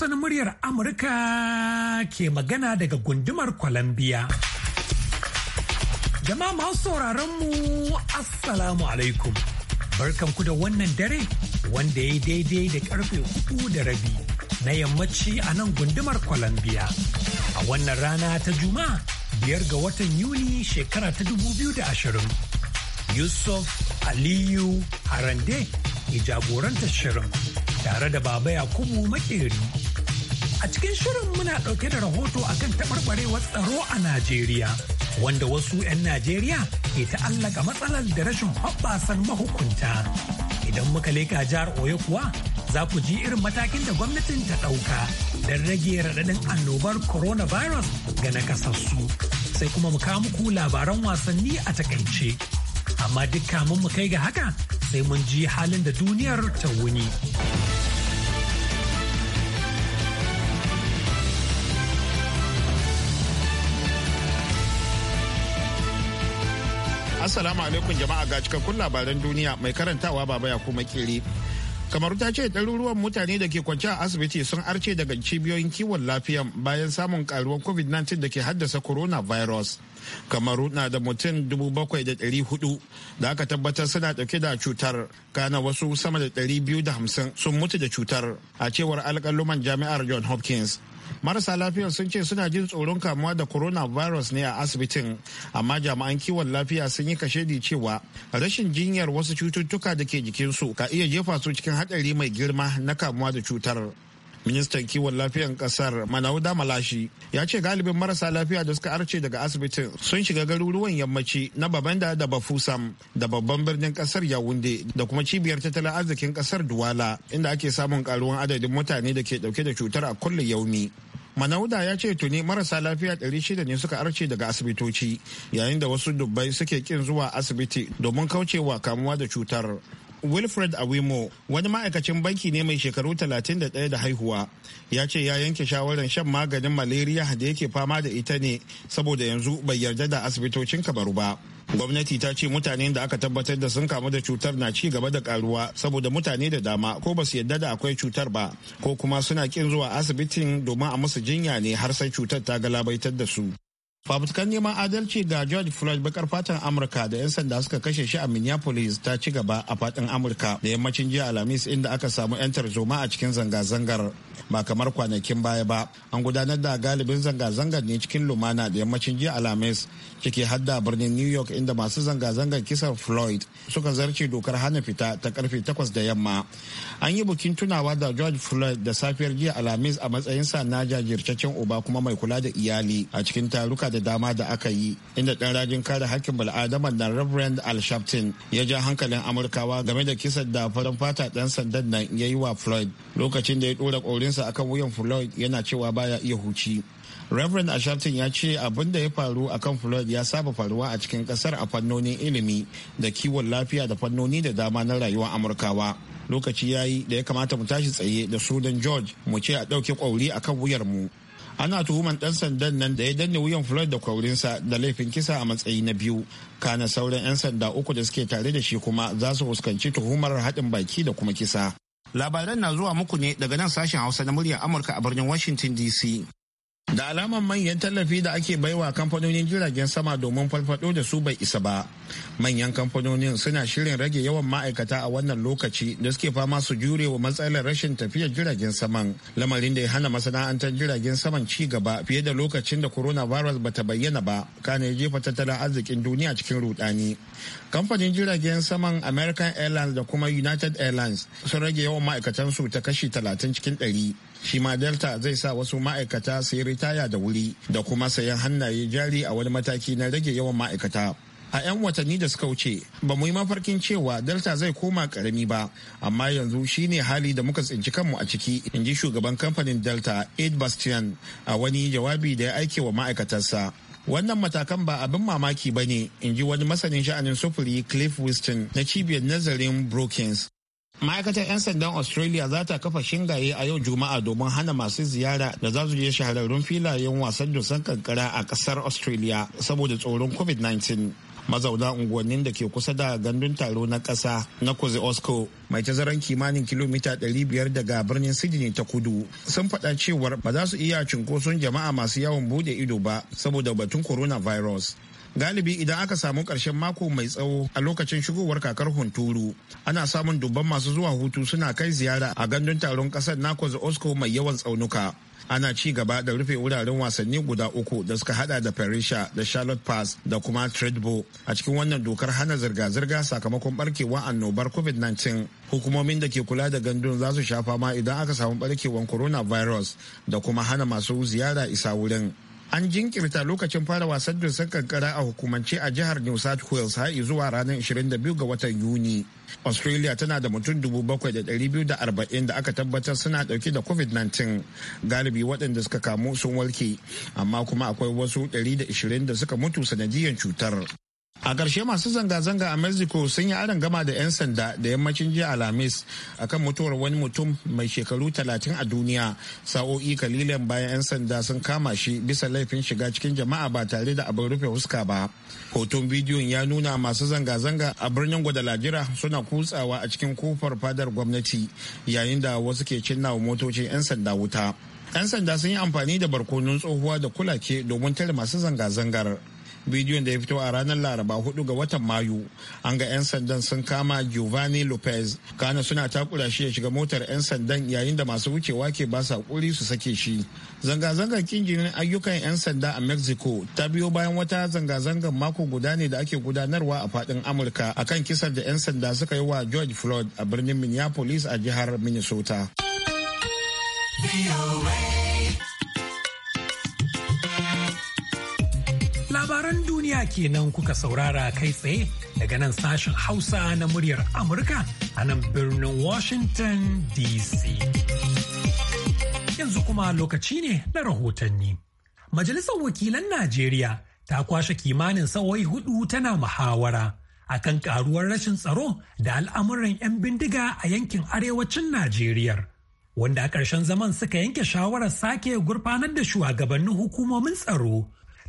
Hausa muryar Amurka ke magana daga gundumar Columbia. Jama'a masu sauraron mu Assalamu alaikum. Barkanku da wannan dare wanda ya daidai da karfe hudu da rabi na yammaci a nan gundumar Columbia. A wannan rana ta Juma'a biyar ga watan Yuni shekara ta dubu biyu da ashirin. Yusuf Aliyu Harande ya jagoranta shirin. tare da Baba Yakubu Makeri A cikin shirin muna ɗauke da rahoto a kan taɓarɓarewar tsaro a Najeriya, wanda wasu 'yan Najeriya ke ta'allaka matsalar da rashin hoɓɓasan mahukunta. Idan muka leƙa jihar Oyo kuwa, za ku ji irin matakin da gwamnatin ta ɗauka don rage raɗaɗin annobar coronavirus ga nakasassu. Sai kuma mu kawo muku labaran wasanni a takaice. Amma duk kamun mu kai ga haka sai mun ji halin da duniyar ta wuni. Assalamu alaikum jama'a ga cikakkun labaran duniya mai karantawa baba ya kuma kiri. Kamaru ta ce ɗaruruwan mutane da ke kwance a asibiti sun arce daga cibiyoyin kiwon lafiya bayan samun karuwar COVID-19 da ke haddasa coronavirus. Kamaru na da mutum 7,400 da aka tabbatar suna ɗauke da cutar, kana wasu sama da hamsin sun mutu da cutar, a cewar alƙaluman jami'ar John Hopkins. marasa lafiyar sun ce suna jin tsoron kamuwa da coronavirus ne a asibitin amma jami'an kiwon lafiya sun yi kashedi cewa rashin jinyar wasu cututtuka da ke jikinsu ka iya jefa su cikin haɗari mai girma na kamuwa da cutar. ministan kiwon lafiyan kasar manauda malashi ya ce galibin marasa lafiya da suka arce daga asibitin sun shiga garuruwan yammaci na babanda da bafusam da babban birnin kasar yawunde da kuma cibiyar tattalin arzikin kasar duwala inda ake samun karuwan adadin mutane da ke dauke da cutar a kullum yaumi manauda ya ce tuni marasa lafiya 600 ne suka arce daga asibitoci yayin da wasu dubbai suke kin zuwa asibiti domin kaucewa kamuwa da cutar wilfred awimo wani ma'aikacin banki ne mai shekaru 31 da haihuwa ya ce ya yanke shawarar shan maganin malaria da yake fama da ita ne saboda yanzu bai yarda da asibitocin kabaru ba gwamnati ta ce mutanen da aka tabbatar da sun kamu da cutar na ci gaba da karuwa saboda mutane da dama ko ba su yarda da akwai cutar ba ko kuma suna kin zuwa asibitin domin a musu jinya ne har sai cutar ta galabaitar da su fafutukan neman adalci ga george floyd bakar fatan amurka da 'yan sanda suka kashe shi a minneapolis ta ci gaba a fadin amurka da yammacin jiya alhamis inda aka samu 'yan tarzoma a cikin zanga-zangar ba kamar kwanakin baya ba an gudanar da galibin zanga-zangar ne cikin lumana da yammacin jiya alhamis ciki har da birnin new york inda masu zanga-zangar kisan floyd suka zarce dokar hana fita ta karfe 8 da yamma an yi bukin tunawa da george floyd da safiyar jiya alhamis a matsayinsa na jajirtaccen uba kuma mai kula da iyali a cikin taruka da dama da aka yi inda ɗan rajin kare hakkin bal'adaman na reverend al shaftin ya ja hankalin amurkawa game da kisan da farin fata ɗan sandan nan ya yi wa floyd lokacin da ya ɗora ƙorinsa akan wuyan floyd yana cewa baya iya huci Reverend Ashantin ya ce abin da ya faru akan kan Floyd ya saba faruwa a cikin kasar a fannonin ilimi da kiwon lafiya da fannoni da dama na rayuwar Amurkawa. Lokaci ya yi da ya kamata mu tashi tsaye da sunan George mu ce a ɗauke ƙwauri a kan mu. ana tuhuman dan sandan nan da ya danne wuyan floyd da kwaurinsa da laifin kisa a matsayi na biyu kana sauran 'yan sanda uku da suke tare da shi kuma za su fuskanci tuhumar haɗin baki da kuma kisa labaran na zuwa muku ne daga nan sashen hausa na muryar amurka a birnin washington dc da alaman manyan tallafi da ake baiwa kamfanonin jiragen sama domin farfado da su bai isa ba manyan kamfanonin suna shirin rage yawan ma'aikata a wannan lokaci da suke fama su jure wa matsalar rashin tafiyar jiragen saman lamarin da ya hana masana'antar jiragen saman ci gaba fiye da lokacin da coronavirus ba ta bayyana ba kana ya jefa tattalin arzikin duniya cikin rudani kamfanin jiragen saman american airlines da kuma united airlines sun rage yawan ma'aikatansu ta kashi talatin cikin ɗari. shi ma delta zai sa wasu ma'aikata su yi ritaya da wuri da kuma sayan hannaye jari a wani mataki na rage yawan ma'aikata a 'yan watanni da suka wuce ba mu yi mafarkin cewa delta zai koma karami ba amma yanzu shi ne hali da muka tsinci kanmu a ciki in ji shugaban kamfanin delta aid bastian a wani jawabi da ya aike wa ma'aikatarsa wannan matakan ba abin mamaki ba ne in ji wani masanin sha'anin sufuri cliff Wiston na cibiyar nazarin brookings ma'aikatar 'yan sandan australia za ta kafa shingaye a yau juma'a domin hana masu ziyara da za su je shahararrun filayen wasan dusan kankara a kasar australia saboda tsoron covid-19 mazauna unguwannin da ke kusa da gandun taro na kasa na kuzi osco mai tazaran kimanin kilomita 500 daga birnin sydney ta kudu sun faɗa cewar ba za su iya cunkoson jama'a masu yawon bude ido ba saboda batun coronavirus galibi idan aka samu ƙarshen mako mai tsawo a lokacin shigowar kakar hunturu ana samun dubban masu zuwa hutu suna kai ziyara a gandun taron ƙasar nakoz osco mai yawan tsaunuka ana ci gaba da rufe wuraren wasanni guda uku da suka hada da Parisha da Charlotte Pass da kuma Tradebo a cikin wannan dokar hana zirga-zirga sakamakon barkewa annobar COVID-19. Hukumomin da ke kula da gandun za su sha fama idan aka samu barkewar coronavirus da kuma hana masu ziyara isa wurin. an jinkirta lokacin fara wasan dusan kankara a hukumance a jihar new south wales har zuwa ranar 22 ga watan yuni australia tana da mutum 7,240 da aka tabbatar suna dauke da covid-19 galibi waɗanda suka kamu sun warke amma kuma akwai wasu 120 da suka mutu sanadiyar cutar a ƙarshe masu zanga-zanga a mexico sun yi aron gama da 'yan sanda da yammacin jiya alhamis akan mutuwar wani mutum mai shekaru 30 a duniya sa'o'i kalilan bayan 'yan sanda sun kama shi bisa laifin shiga cikin jama'a ba tare da abin rufe huska ba hoton bidiyon ya nuna masu zanga-zanga a birnin guadalajara suna kutsawa a cikin kofar fadar gwamnati yayin da wasu ke cinnawa motocin 'yan sanda wuta 'yan sanda sun yi amfani da barkonon tsohuwa da kulake domin tare masu zanga-zangar bidiyon da ya fito a ranar laraba 4 ga watan mayu an ga 'yan sandan sun kama giovanni lopez kana suna takura shi ya shiga motar 'yan sandan yayin da masu wucewa ke ba su hakuri su sake shi zanga-zangar kinginin ayyukan 'yan sanda a mexico ta biyo bayan wata zanga-zangar mako guda ne da ake gudanarwa a fadin amurka akan kisan da 'yan sanda suka yi wa george floyd a birnin minneapolis a jihar minnesota. kenan kuka saurara kai tsaye daga nan sashen Hausa na muryar Amurka a nan birnin Washington DC. Yanzu kuma lokaci ne na rahotanni. Majalisar Wakilan Najeriya ta kwashe kimanin sawai hudu tana muhawara akan karuwar rashin tsaro da al'amuran 'yan bindiga a yankin arewacin Najeriya. Wanda a ƙarshen zaman suka yanke shawarar sake gurfanar da shugabannin hukumomin tsaro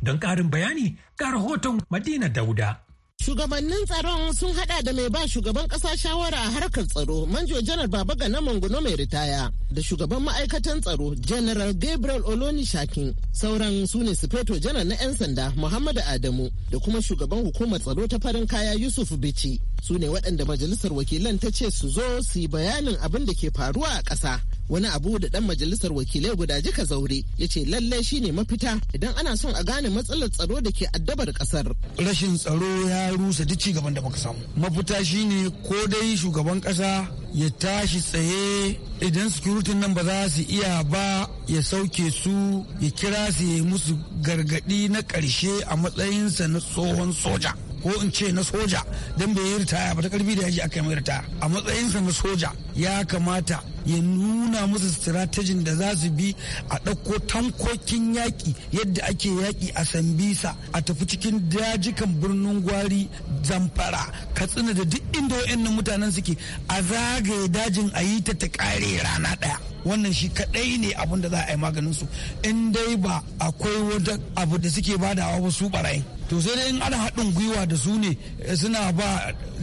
Don karin bayani ga rahoton Madina Dauda. Shugabannin tsaron sun hada da mai ba shugaban kasa shawara a harkar tsaro manjo janar baba ga mangono mai ritaya da shugaban ma'aikatan tsaro janar gabriel oloni shakin sauran su ne sufeto janar na 'yan sanda muhammadu adamu da kuma shugaban hukumar tsaro ta farin kaya yusuf bichi su ne waɗanda majalisar wakilan ta ce su zo su yi bayanin abin da ke faruwa a ƙasa wani abu da ɗan majalisar wakilai guda jika zaure ya ce lallai shine mafita idan ana son a gane matsalar tsaro da ke addabar ƙasar. rashin tsaro ya rusa duk cigaban da muka samu mafita shine ko dai shugaban ƙasa ya tashi tsaye idan security nan ba za su iya ba ya sauke su ya kira su ya musu gargaɗi na ƙarshe a matsayinsa na tsohon soja ko in ce na soja don bai yi ritaya ba ta karfi da yaji aka yi mai a matsayinsa na soja ya kamata ya nuna musu stratejin da za su bi a ɗauko tankokin yaƙi yadda ake yaƙi a sambisa a tafi cikin dajikan birnin gwari zamfara katsina da duk inda wa'annan mutanen suke a zagaye dajin a yi ta ta ƙare rana ɗaya wannan shi kaɗai ne abin da za a yi maganin su in dai ba akwai wata abu da suke badawa ba su ɓarayin to sai dai in ana haɗin gwiwa da su ne eh, suna ba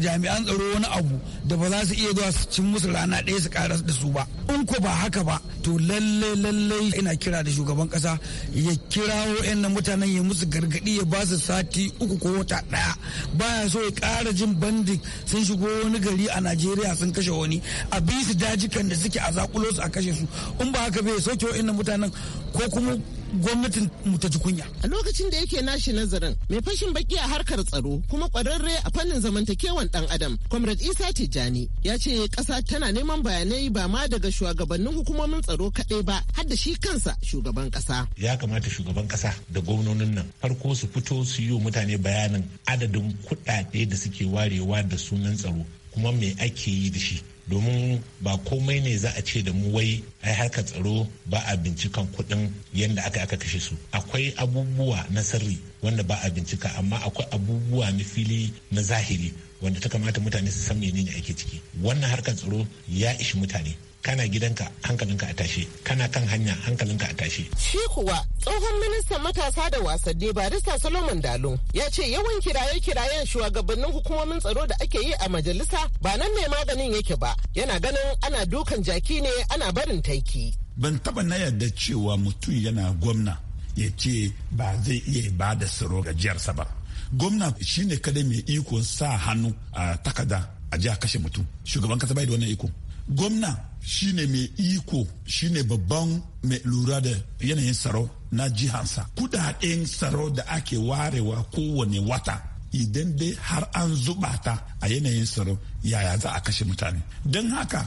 jami'an tsaro wani abu da ba za su iya zuwa su cin musu rana ɗaya su ƙara da su ba in ku ba haka ba to lalle lalle ina kira da shugaban kasa ya kirawo yan mutanen ya musu gargaɗi ya ba su sati uku ko wata ɗaya baya so ya ƙara jin bandik sun shigo wani gari a najeriya sun kashe wani a bi su dajikan da suke a zakulo su a kashe su in ba haka bai soke wa'in mutanen ko kuma gwamnatin mu ta ji kunya. A lokacin da yake nashi nazarin mai fashin baki a harkar tsaro kuma kwararre a fannin zamantakewan ɗan adam Comrade Isa Tijjani ya ce ƙasa tana neman bayanai ba ma daga shugabannin hukumomin tsaro kaɗai ba har da shi kansa shugaban ƙasa. Ya kamata shugaban ƙasa da gwamnonin nan farko su fito su yi mutane bayanin adadin kuɗaɗe da suke warewa da sunan tsaro kuma me ake yi da shi domin ba komai ne za a ce da mu wai ai harkar tsaro ba a bincikan kuɗin yadda aka aka kashe su akwai abubuwa na sirri wanda ba a bincika amma akwai abubuwa na fili na zahiri wanda ta kamata mutane su san menene ake ciki wannan harkar tsaro ya ishi mutane kana gidanka hankalinka a tashe kana kan hanya hankalinka a tashe. Shi kuwa tsohon ministan matasa da wasanni barista Solomon Dalo ya ce yawan kiraye-kirayen shugabannin hukumomin tsaro da ake yi a majalisa ba nan mai maganin yake ba yana ganin ana dukan jaki ne ana barin taiki. Ban taba na yarda cewa mutum yana gwamna ya ce ba zai iya ba da tsaro ga jiyarsa ba. Gwamna shine kadai mai iko sa hannu a takada a jiya kashe mutum. Shugaban kasa bai da wannan iko. Gwamna shine mai iko shine babban mai lura da yanayin tsaro na jihansa kudaden tsaro da ake warewa kowane wata idan dai har an zuba ta a yanayin tsaro yaya za a kashe mutane don haka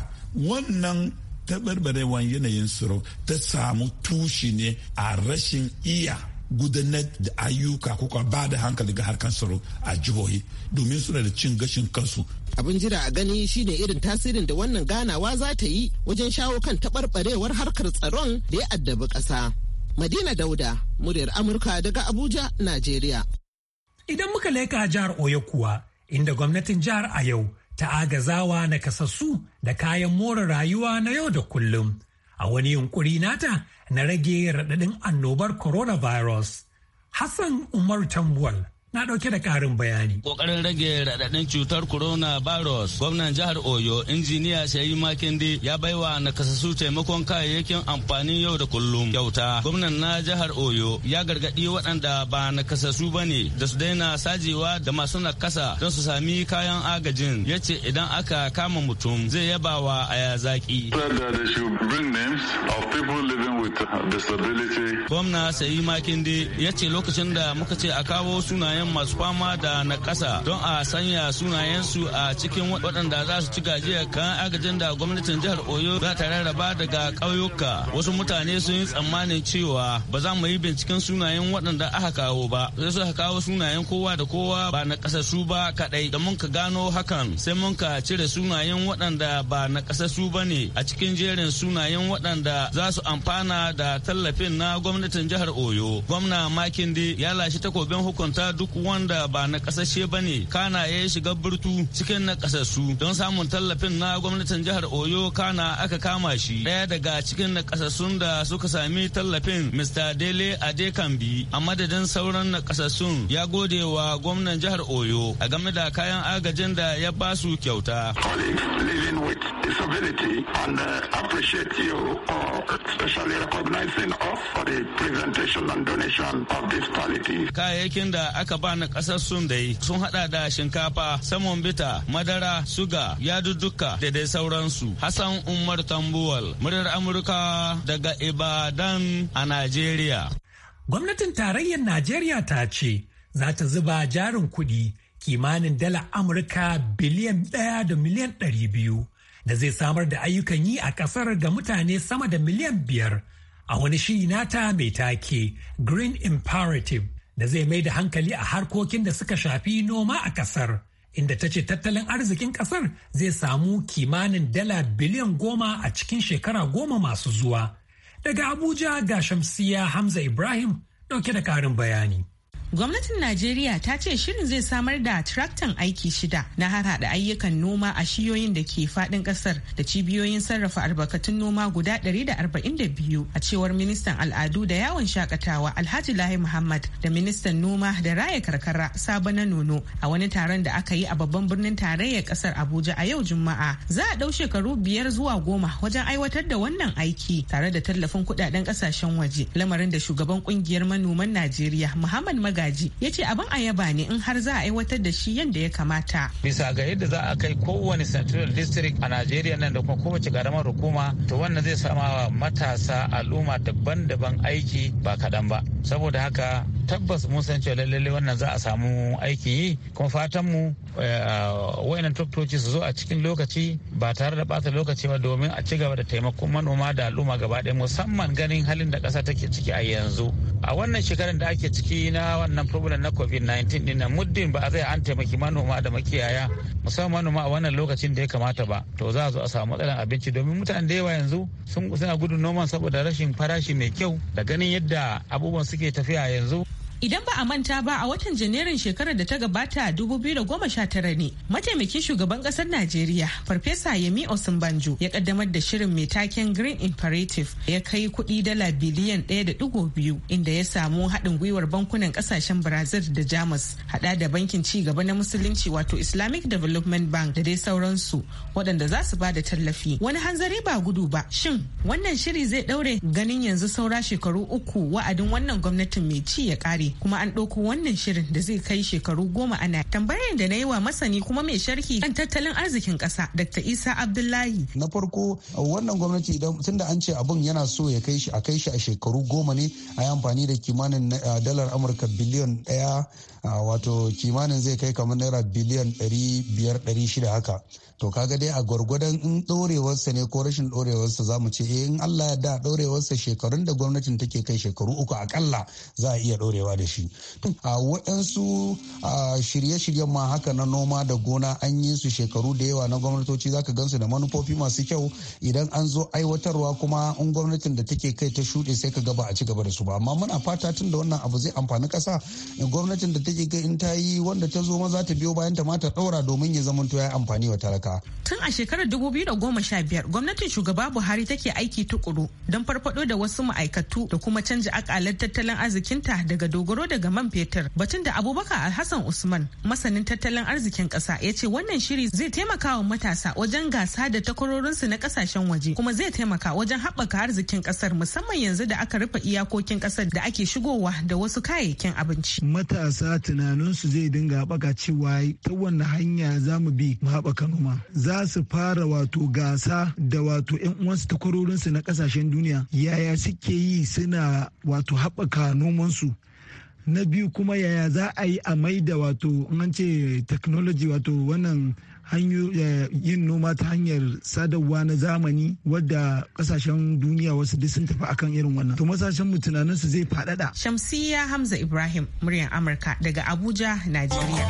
wannan taɓarɓarewan yanayin tsaro ta samu tushi ne a rashin iya gudanar da ayyuka ko ba da hankali ga harkar tsaro a jihohi domin suna da cin gashin kansu abin jira a gani shine irin tasirin da wannan ganawa za ta yi wajen shawo kan taɓarɓarewar harkar tsaron da ya addabi ƙasa madina dauda muryar amurka daga abuja najeriya idan muka leka jihar oyo kuwa inda gwamnatin jihar a yau ta agazawa na kasassu da kayan more rayuwa na yau da kullum a wani yunkuri nata na rage raɗaɗin annobar coronavirus. Hassan Umar Tambuwal na ɗauke da ƙarin bayani. Ƙoƙarin rage raɗaɗin cutar corona virus, gwamnan jihar Oyo, injiniya Shayi Makinde ya baiwa kasasu taimakon kayayyakin amfanin yau da kullum kyauta. Gwamnan na jihar Oyo ya gargaɗi waɗanda ba nakasassu ba ne da su daina sajewa da masu nakasa don su sami kayan agajin. Ya ce idan aka kama mutum zai yaba wa aya zaki. Gwamna Shayi Makinde ya ce lokacin da muka ce a kawo sunayen sunayen masu fama da na ƙasa don a sanya sunayensu a cikin waɗanda za su ci gajiya kan agajin da gwamnatin jihar Oyo za ta rarraba daga ƙauyuka. Wasu mutane sun yi tsammanin cewa ba za mu yi binciken sunayen waɗanda aka kawo ba. Sai suka kawo sunayen kowa da kowa ba na su ba kaɗai. Da mun ka gano hakan sai mun ka cire sunayen waɗanda ba na su ba ne a cikin jerin sunayen waɗanda za su amfana da tallafin na gwamnatin jihar Oyo. Gwamna Makinde ya lashe takobin hukunta duk wanda ba na kasashe ba ne kana ya shiga burtu cikin na kasassu don samun tallafin na gwamnatin jihar oyo kana aka kama shi daya daga cikin na kasassun da suka sami tallafin mr dele adekambi a madadin sauran na kasassun ya gode wa gwamnan jihar oyo a game da kayan agajin da ya ba su kyauta and uh, appreciate you especially uh, Kayayyakin da aka ba na kasar sun yi sun hada da shinkafa saman bita madara suga yadudduka da dai sauransu hassan umar tambuwal muryar amurka daga ibadan a najeriya gwamnatin tarayyar najeriya ta ce za ta zuba jarin kuɗi kimanin dala amurka biliyan ɗaya da miliyan ɗari biyu da zai samar da ayyukan yi a ƙasar ga mutane sama da miliyan biyar a wani shiri nata mai take green imperative da zai mai da hankali a harkokin da suka shafi noma a kasar inda ta ce tattalin arzikin kasar zai samu kimanin dala biliyan goma a cikin shekara goma masu zuwa daga abuja ga shamsiya hamza ibrahim dauke da karin bayani Gwamnatin Najeriya ta ce shirin zai samar da traktan aiki shida na harhaɗa ayyukan noma a shiyoyin da ke faɗin ƙasar da cibiyoyin sarrafa albarkatun noma guda 142 a cewar ministan al'adu da yawon shakatawa Alhaji Lahi Muhammad da ministan noma da raya karkara Sabo na Nono a wani taron da aka yi a babban birnin tarayyar ƙasar Abuja a yau Juma'a. Za a ɗau shekaru biyar zuwa goma wajen aiwatar da wannan aiki tare da tallafin kuɗaɗen ƙasashen waje lamarin da shugaban ƙungiyar manoman Najeriya Muhammad Maga magaji ya ce abin a yaba ne in har za a aiwatar da shi yadda ya kamata. Bisa ga yadda za a kai kowane central district a Najeriya nan da kuma kowace karamar hukuma to wannan zai sama wa matasa al'umma daban-daban aiki ba kaɗan ba. Saboda haka tabbas mun san cewa lalle wannan za a samu aiki yi kuma fatan mu eh, wayannan tuktoci su zo a cikin lokaci ba tare da bata lokaci ba domin a ci gaba da taimakon manoma da al'umma gaba ɗaya musamman ganin halin da ƙasa take ciki a yanzu. a wannan shekarar da ake ciki na wannan problem na covid-19 din muddin ba a zai an taimaki manoma da makiyaya musamman manoma a wannan lokacin da ya kamata ba to za a zo a samu matsalar abinci domin mutane da yawa yanzu sun suna gudun noman saboda rashin farashi mai kyau da ganin yadda abubuwan suke tafiya yanzu Idan ba a manta ba a watan Janairun shekarar da ta gabata 2019 ne, mataimakin shugaban kasar Najeriya, Farfesa Yemi Osinbanjo ya kaddamar da shirin mai taken Green Imperative ya kai kudi dala biliyan 1.2 inda ya samu haɗin gwiwar bankunan kasashen Brazil da Jamus, hada da bankin ci gaba na musulunci wato Islamic Development Bank da dai sauransu waɗanda za su ba da tallafi. Wani hanzari ba gudu ba, shin wannan shiri zai ɗaure ganin yanzu saura shekaru uku wa'adin wannan gwamnatin mai ci ya ƙare kuma an ɗauko wannan shirin da zai kai shekaru goma ana tambayar da na yi wa masani kuma mai sharhi kan tattalin arzikin ƙasa Dr. Isa Abdullahi. Na farko wannan gwamnati idan da an ce abun yana so ya kai shi a kai shi a shekaru goma ne a yi amfani da kimanin eh, dalar Amurka biliyan ɗaya wato kimanin zai kai kamar naira biliyan ɗari biyar ɗari shida haka. To kaga dai a gwargwadon in ɗorewarsa ne ko rashin ɗorewarsa za mu ce eh, in Allah ya da ɗorewarsa shekarun da gwamnatin take kai shekaru uku akalla za a iya ɗorewa da shi a waɗansu shirye-shiryen ma haka na noma da gona an yi su shekaru da yawa na gwamnatoci za ka gansu da manufofi masu kyau idan an zo aiwatarwa kuma in gwamnatin da take kai ta shuɗe sai ka gaba a ci gaba da su ba amma muna fata tun da wannan abu zai amfani ƙasa gwamnatin da take kai in ta yi wanda ta zo za ta biyo bayan ta ma ta ɗaura domin ya zamanto ya amfani wa talaka tun a shekarar 2015 gwamnatin shugaba buhari take aiki tukuru don farfaɗo da wasu ma'aikatu da kuma canja akalar tattalin arzikinta daga dogaro daga man fetur batun da abubakar alhassan usman masanin tattalin arzikin ƙasa ya ce wannan shiri zai taimaka wa matasa wajen gasa da takwarorinsu na ƙasashen waje kuma zai taimaka wajen haɓaka arzikin ƙasar musamman yanzu da aka rufe iyakokin ƙasar da ake shigowa da wasu kayayyakin abinci. matasa tunaninsu zai dinga haɓaka cewa ta wanne hanya za mu bi mu haɓaka noma za su fara wato gasa da wato 'yan uwansu takwarorinsu na ƙasashen duniya yaya suke yi suna wato haɓaka nomansu na biyu kuma yaya za a yi a maida wato an ce technology wato wannan eh, yin noma ta hanyar sadarwa na zamani wadda kasashen duniya wasu duk sun tafi akan irin wannan to masashen mu tunanin su zai faɗaɗa shamsiya hamza ibrahim murya'n amurka daga abuja najeriya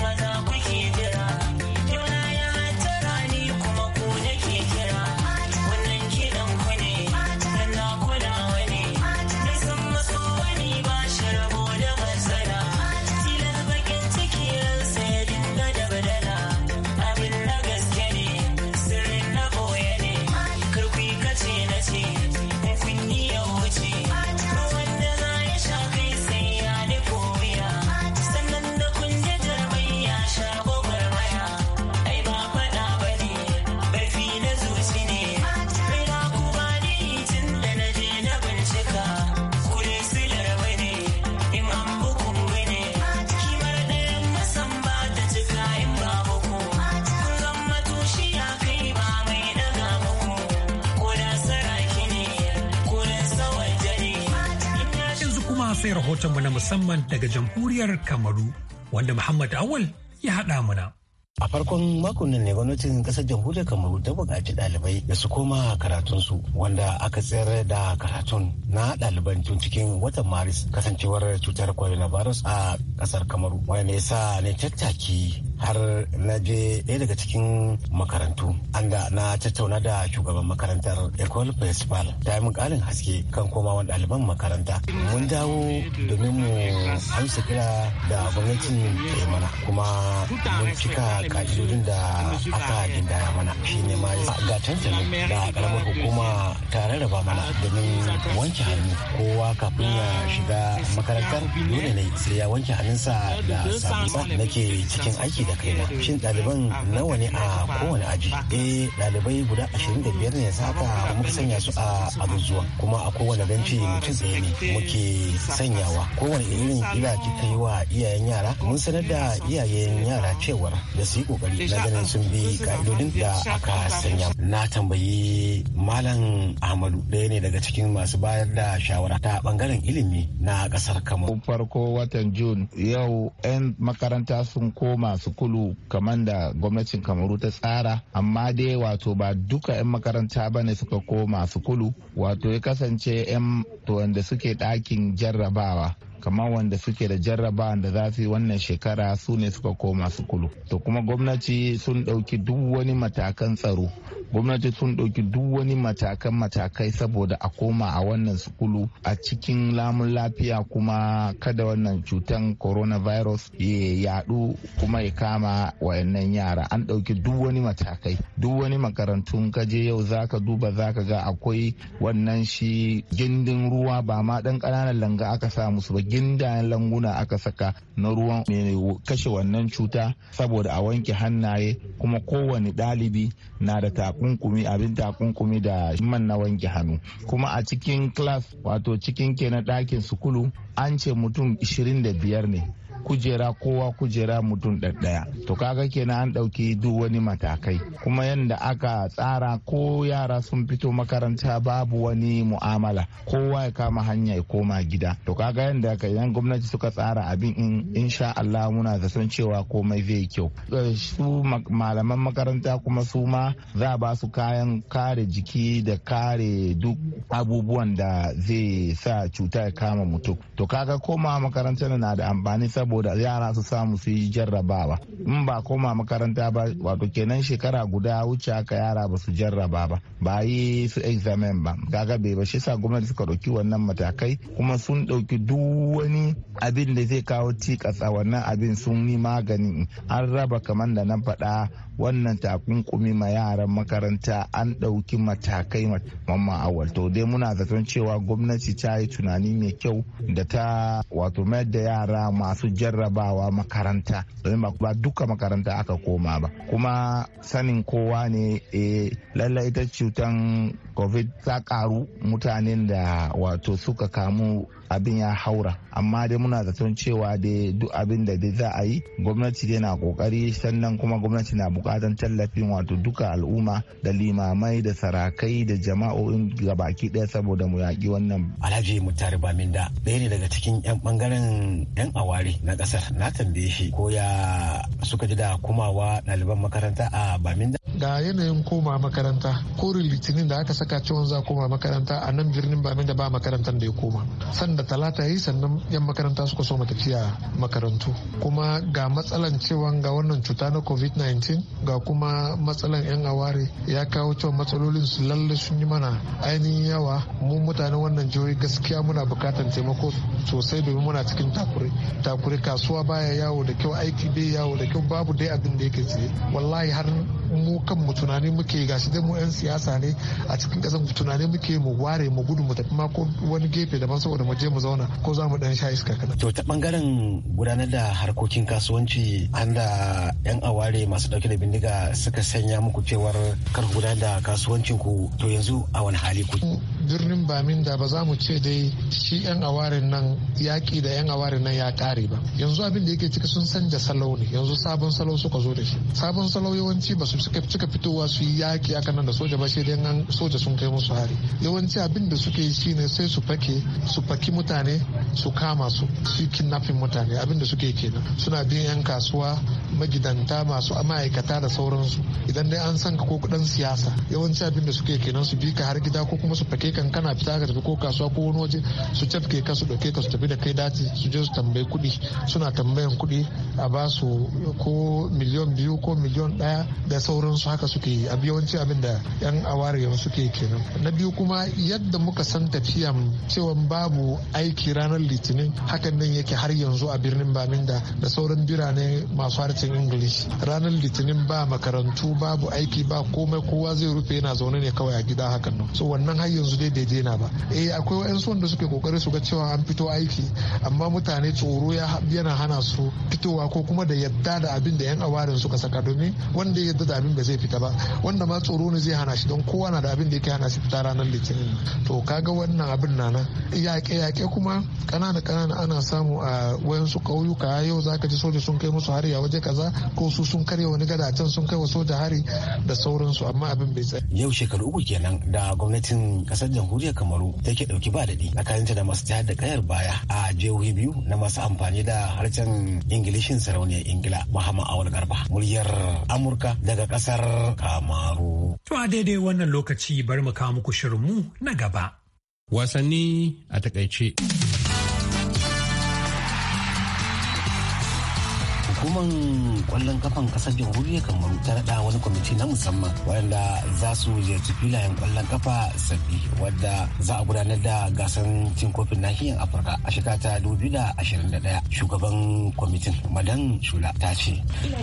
sai rahotonmu na musamman daga jamhuriyar Kamaru wanda Muhammad Awal ya haɗa mana. A farkon makon nan ne gwamnatin kasar jamhuriyar Kamaru ta buƙaci ɗalibai da su koma karatunsu wanda aka tsayar da karatun na ɗaliban tun cikin watan Maris kasancewar cutar coronavirus a ƙasar Kamaru. Wanda ya sa ne tattaki har na je ɗaya daga cikin makarantu An anda na tattauna da shugaban makarantar ecole principal ta yi ƙarin haske kan komawan ɗaliban makaranta mun dawo domin mu amsa kira da gwamnatin ta mana kuma mun cika ka'idodin da aka gindaya mana ne ma ga tantan da karamar hukuma ta rarraba mana domin wanke hannu kowa kafin ya shiga makarantar dole ne sai ya wanke hannunsa da sabisa nake cikin aiki da da kaina shin ɗaliban nawa ne a kowane aji eh ɗalibai guda ashirin da biyar ne yanzu haka muka sanya su a abubuwa. kuma a kowane benci mutum tsaye ne muke sanyawa kowane irin ira kika yi wa iyayen yara mun sanar da iyayen yara cewar da su yi kokari na ganin sun bi ka'idodin da aka sanya na tambayi malam ahmadu ɗaya ne daga cikin masu bayar da shawara ta bangaren ilimi na ƙasar kamar farko watan june yau 'yan makaranta sun koma su kulu kamar da gwamnatin kamaru ta tsara amma dai wato ba duka 'yan makaranta ba ne suka koma kulu wato ya kasance 'yan wanda suke ɗakin jarrabawa kamar wanda suke da jarraba da za su yi wannan shekara su ne suka koma su Kulu to kuma gwamnati sun ɗauki duk wani matakan tsaro gwamnati sun ɗauki duk wani matakan matakai saboda a koma a wannan sukulu a cikin lamun lafiya kuma kada wannan cutan coronavirus ya yaɗu kuma ya kama wayannan yara an ɗauki duk wani matakai duk wani makarantun kaje yau zaka duba zaka ga akwai wannan shi gindin ruwa ba ma ɗan ƙananan langa aka sa musu ba gindayen languna aka saka na ruwan kashe wannan cuta saboda a wanke hannaye kuma kowane ɗalibi na da takunkumi abin takunkumi da man na wanke hannu kuma a cikin class wato cikin kenan ɗakin sukulu an ce mutum 25 ne kujera kowa kujera mutum ɗaya to kaga kenan an ɗauki duk wani matakai kuma yadda aka tsara ko yara sun fito makaranta babu wani mu'amala kowa ya kama hanya ya koma gida to kaga yadda aka idan gwamnati suka tsara abin in insha Allah muna da son cewa komai zai kyau eh, su malaman makaranta kuma su ma za ba su kayan kare jiki da kare duk abubuwan da zai sa cuta ya kama mutum to kaga koma makaranta na da amfani saboda saboda yara su samu su yi jarrabawa in ba koma makaranta ba wato kenan shekara guda wuce haka yara ba su jarraba ba ba yi su examen ba kaga bai ba shi sa gwamnati suka ɗauki wannan matakai kuma sun ɗauki duk wani abin da zai kawo cikas a wannan abin sun yi magani an raba kamar da nan faɗa wannan takunkumi ma yaran makaranta an ɗauki matakai mamman awal to dai muna zaton cewa gwamnati ta yi tunani mai kyau da ta wato mayar da yara masu jarrabawa makaranta domin ba duka makaranta aka koma ba kuma sanin kowa ne e lallai ita cutan covid ta karu mutanen da wato suka kamu abin ya haura amma dai muna zaton cewa dai duk abin da za a yi gwamnati dai na kokari sannan kuma gwamnati na bukatan tallafin wato duka al'umma da limamai da sarakai da jama'o'in gabaki daya saboda mu yaki wannan alhaji mutare baminda ɗaya ne daga cikin yan bangaren yan aware na ƙasar na tambaye shi ko ya suka ji da komawa ɗaliban makaranta a baminda ga yanayin koma makaranta ko litinin da aka saka cewa za koma makaranta a nan birnin baminda ba makarantar da ya koma sanda da talata yi sannan yan makaranta suka so tafiya makarantu kuma ga matsalan cewa ga wannan cuta na covid-19 ga kuma matsalan yan aware ya kawo cewa matsalolin su lalle sun yi mana ainihin yawa mu mutanen wannan jihohi gaskiya muna bukatan taimako sosai domin muna cikin takure takure kasuwa baya yawo da kyau aiki bai yawo da kyau babu dai abin da yake tsaye wallahi har mu kan mu tunani muke gashi dai mu 'yan siyasa ne a cikin kasan tunani muke mu ware mu gudu mu tafi ma ko wani gefe daban saboda mu je mu zauna ko za mu dan sha iska kaɗan. To ta bangaren gudanar da harkokin kasuwanci an da 'yan aware masu ɗauke da bindiga suka sanya muku cewar kar gudanar da kasuwancin ku to yanzu a wani hali ku. birnin da ba za mu ce dai shi 'yan awarin nan yaƙi da 'yan awarin nan ya ƙare ba yanzu abin da yake ciki sun canja salo ne yanzu sabon salo suka zo da shi sabon salo yawanci ba su cika fitowa su yi yaƙi aka nan da soja ba sai dai an soja sun kai musu hari yawanci abin da suke yi shine sai su fake su faki mutane su kama su su kidnapping mutane abin da suke kenan suna bin 'yan kasuwa magidanta masu ma'aikata da sauransu idan dai an san ka ko kudin siyasa yawanci abin da suke kenan su bi ka har gida ko kuma su fake ka kan kana fita ka tafi ko kasuwa ko wani waje su cafke ka su dauke ka su tafi da kai dace su je su tambayi kuɗi suna tambayan kuɗi a ba su ko miliyon biyu ko miliyon ɗaya da sauransu haka suke yi a yawanci abin da yan aware suke kenan na biyu kuma yadda muka san tafiya cewa babu aiki ranar litinin hakan nan yake har yanzu a birnin baminda da sauran birane masu harshen english ranar litinin ba makarantu babu aiki ba komai kowa zai rufe yana zaune ne kawai a gida hakan nan so wannan har yanzu dai daidai na ba eh akwai wa'yansu wanda suke kokari su ga cewa an fito aiki amma mutane tsoro yana hana su fitowa ko kuma da yadda da abin da yan awarin suka saka domin wanda ya yadda da abin ba zai fita ba wanda ma tsoro ne zai hana shi don kowa na da abin da yake hana shi fita ranar litinin to kaga wannan abin na yaƙe yaƙe kuma ƙanana ƙanana ana samu a wayansu ƙauyuka yau zaka ji soja sun kai musu hari a waje kaza ko su sun karya wani gada can sun kai wa soja hari da sauransu amma abin bai tsaye yau shekaru uku kenan da gwamnatin kasar jamhuriyar kamaru ke dauki ba dadi tsakaninta da masu jihar da kayar baya a jihohi biyu na masu amfani da harshen ingilishin sarauniyar ingila muhammad awal garba muryar amurka daga kasar kamaru to a daidai wannan lokaci bari mu kawo muku shirinmu na gaba wasanni a takaice hukumar kwallon kafan kasar jamhuriyar kamaru ta naɗa wani kwamiti na musamman wanda za su ziyarci filayen kwallon kafa sabbi wadda za a gudanar da gasar cin kofin nahiyar afirka a shekara ta 2021 shugaban kwamitin madan shula ta ce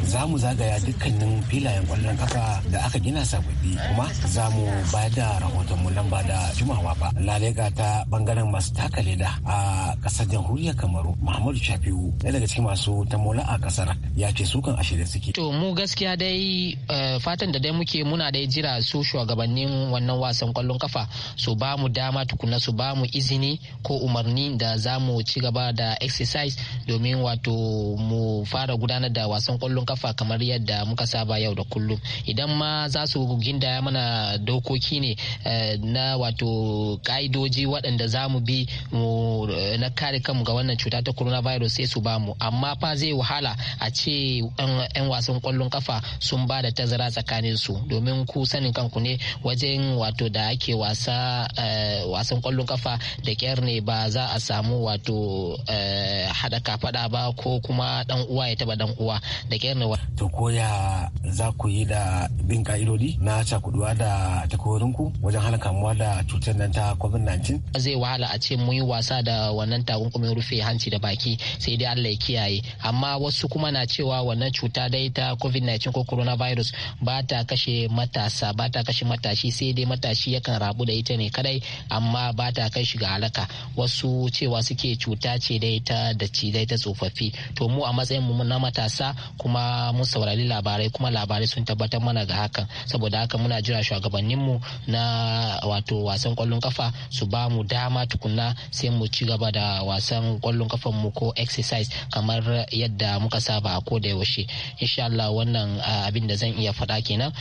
za mu zagaya dukkanin filayen kwallon kafa da aka gina sababbi kuma za mu bayar da rahoton mu lamba da jimawa ba lalega ta bangaren masu taka leda a kasar jamhuriyar kamaru muhammadu shafiu ɗaya daga cikin masu tamola a kasar ya ce su kan ashirin suke. To mu gaskiya dai eh, fatan da dai muke muna dai jira su shugabannin wannan wasan kwallon kafa su ba mu dama tukuna su ba mu izini ko umarni da za mu ci gaba da exercise domin wato mu fara gudanar da wasan kwallon kafa kamar yadda muka saba yau da kullum idan ma za su gindaya mana dokoki ne eh, na wato ka'idoji waɗanda za mu bi mu eh, na kare kanmu ga wannan cuta ta coronavirus sai su ba mu amma fa zai wahala a a ce 'yan wasan kwallon kafa sun ba da tazara tsakanin su domin ku sanin kanku ne wajen wato da ake wasa eh, wasan kwallon kafa da kyar ne ba za a samu wato eh, hada kafada ba ko kuma dan uwa ya taba dan uwa da kyar ne to koya za ku yi da bin ka'idodi na cakuduwa da takwarinku wajen hana kamuwa da cutar nan ta covid-19 zai wahala a ce mun yi wasa da wannan takunkumin rufe hanci da baki sai dai Allah ya kiyaye amma wasu kuma na ana cewa wannan cuta dai ta covid-19 ko coronavirus ba ta kashe matasa ba ta kashe matashi sai dai matashi yakan rabu da ita ne kadai amma ba ta kai shi ga halaka wasu cewa suke cuta ce dai ta da ci dai ta tsofaffi to mu a matsayin mu na matasa kuma mun saurari labarai kuma labarai sun tabbatar mana ga hakan saboda haka muna jira shugabannin mu na wato wasan kwallon kafa su ba mu dama tukunna sai mu ci gaba da wasan kwallon kafan mu ko exercise kamar yadda muka saba ba a koda yaushe insha Allah wannan abin da zan iya faɗa kenan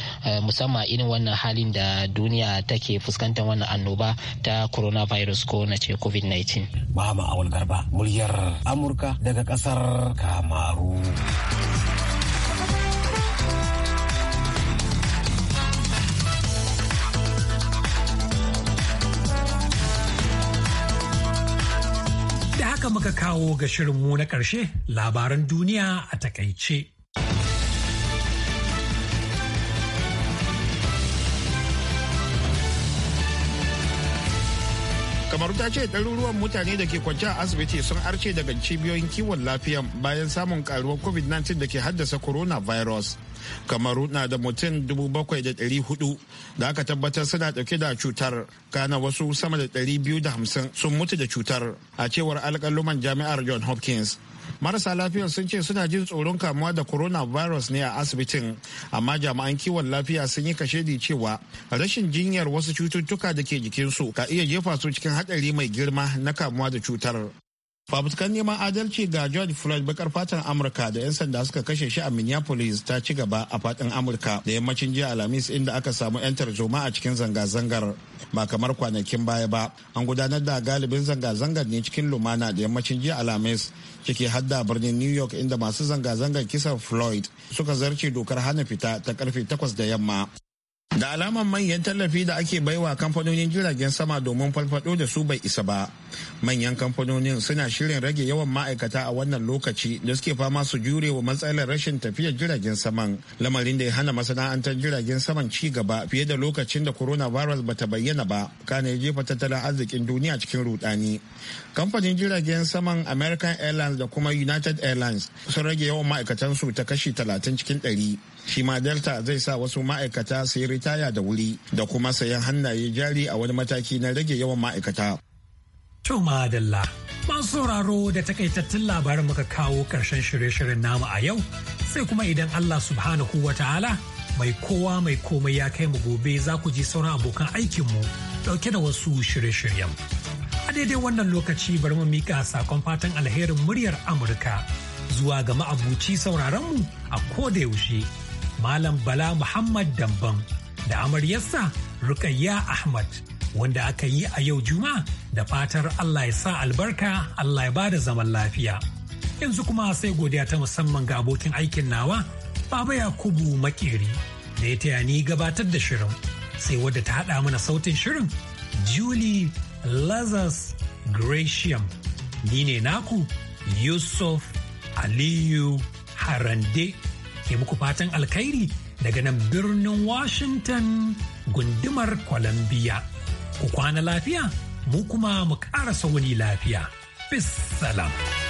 musamman irin wannan halin da duniya take fuskantar wannan annoba ta coronavirus ko na ce covid-19 Mama Awal Garba muryar Amurka daga kasar Kamaru haka muka kawo ga shirinmu na ƙarshe labaran duniya a takaice. kamaru ta ce ɗaruruwan mutane da ke kwance a asibiti sun arce daga cibiyoyin kiwon lafiya bayan samun ƙaruwar covid-19 da ke haddasa coronavirus kamaru na da mutum 7,400 da hudu da aka tabbatar suna dauke da cutar kana wasu sama da biyu da hamsin sun mutu da cutar a cewar alkaluman jami'ar john hopkins marasa lafiyar sun ce suna jin tsoron kamuwa da coronavirus ne a asibitin amma jami'an kiwon lafiya sun yi kashe kashedi cewa rashin jinyar wasu cututtuka da ke jikinsu ka iya jefa su cikin haɗari mai girma na kamuwa da cutar fafutukan neman adalci ga george floyd bakar fatan amurka da 'yan sanda suka kashe shi a minneapolis ta ci gaba a fadin amurka da yammacin jiya alhamis inda aka samu 'yan tarzoma a cikin zanga-zangar ba kamar kwanakin baya ba an gudanar da galibin zanga-zangar ne cikin lumana da yammacin jiya alhamis ciki hadda birnin new york inda masu zanga-zangar kisan floyd suka zarce dokar hana fita ta karfe 8 da yamma da alaman manyan tallafi da ake baiwa kamfanonin jiragen sama domin farfado da su bai isa ba manyan kamfanonin suna shirin rage yawan ma'aikata a wannan lokaci da suke fama su jure wa matsalar rashin tafiyar jiragen saman lamarin da ya hana masana'antar jiragen saman ci gaba fiye da lokacin da coronavirus bata bayyana ba kana ya jefa tattalin arzikin duniya cikin rudani kamfanin jiragen saman american airlines da kuma united airlines sun rage yawan ma'aikatansu ta kashi 30 cikin ɗari. shi ma delta zai sa wasu ma'aikata su yi ritaya da wuri da kuma sayan hannaye jari a wani mataki na rage yawan ma'aikata to madalla masu sauraro da takaitattun labarin muka kawo karshen shirye-shiryen namu a yau sai kuma idan allah subhanahu wa ta'ala mai kowa mai komai ya kai mu gobe za ku ji sauran abokan aikinmu dauke da wasu shirye-shiryen a daidai wannan lokaci bari mu mika sakon fatan alherin muryar amurka zuwa ga ma'abuci sauraronmu a koda yaushe Malam Bala Muhammad Damban da amaryarsa Rukayya Ahmad wanda aka yi a yau juma da fatar Allah ya sa albarka Allah ya bada zaman lafiya. Yanzu kuma sai godiya ta musamman ga abokin aikin nawa Baba Yakubu Makeri da ya taya ni gabatar da shirin sai wadda ta haɗa mana sautin shirin Julie Lazarus Gratiam ni ne naku Yusuf Aliyu Harande. ke muku fatan alkhairi daga nan birnin Washington gundumar Columbia. Ku kwana lafiya, mu kuma mu ƙara wani lafiya. Bis salam.